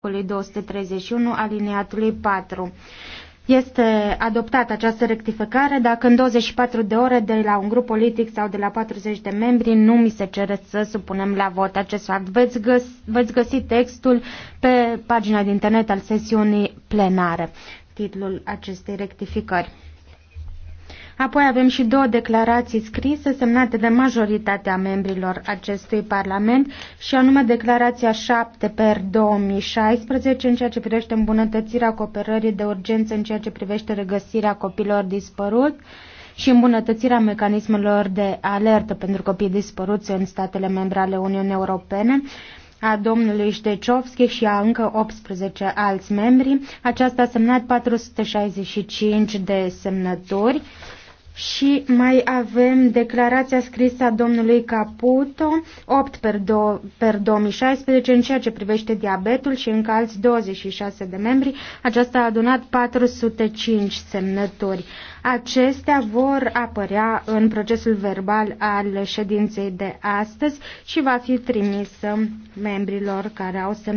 articolului 231 aliniatului 4. Este adoptată această rectificare dacă în 24 de ore de la un grup politic sau de la 40 de membri nu mi se cere să supunem la vot acest fapt. Veți găsi, veți găsi textul pe pagina de internet al sesiunii plenare, titlul acestei rectificări. Apoi avem și două declarații scrise semnate de majoritatea membrilor acestui Parlament și anume declarația 7 per 2016 în ceea ce privește îmbunătățirea cooperării de urgență în ceea ce privește regăsirea copilor dispărut și îmbunătățirea mecanismelor de alertă pentru copii dispăruți în statele membre ale Uniunii Europene a domnului Ștecovski și a încă 18 alți membri. Aceasta a semnat 465 de semnături. Și mai avem declarația scrisă a domnului Caputo, 8 per, do, per 2016, în ceea ce privește diabetul și încă alți 26 de membri. Aceasta a adunat 405 semnături. Acestea vor apărea în procesul verbal al ședinței de astăzi și va fi trimisă membrilor care au semnat.